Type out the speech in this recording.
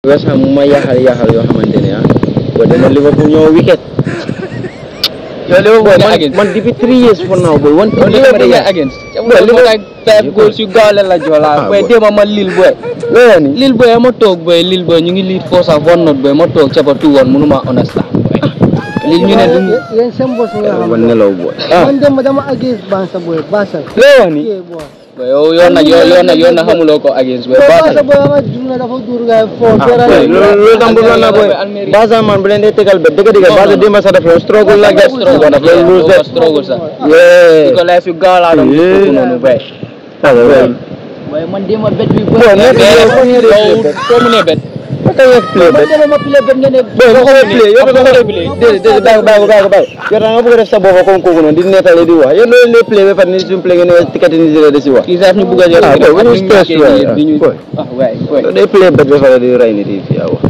West Ham mu ma yaaxal yaaxal yoo ya xamante ne ah boo demee Liverpool ñoo wicket. yow Liverpool man man depuis three years for now boy one. Oh, Liverpool yaa against. boy, Liverpool like five goals you gaaw la la joolaa. Ah, booy dia mama lil boy, loolu ni Lille boy, ma toog booy Lille booy ñu lead four sax one not boy, ma toog capa two one mënuma understand booy. Lille ñu ne du ñu. boy, seen bopp nga xam ne. wan nelaw booy. man démb dama against Barça booy yow yoon na yoon na yoon na xamuloo ko against booy Baasa loolu tam bu doon na booy Baasa man bu leen dee tegal ba dëgg dëgg Baasa démba sa def yow struggle la gas loolu yee danga play bet dama play bet ngeen doo ko play yow doo ko play déedéet bàyyi ko bàyyi ko bàyyi ko bàyyi yow da nga bëgg a def sa bopp comme kooku noonu di nettali di wax ni suñu play ngeen wax tikati ni si wax kii sax ñu bëgg a jël ah day play di rey nit yi fii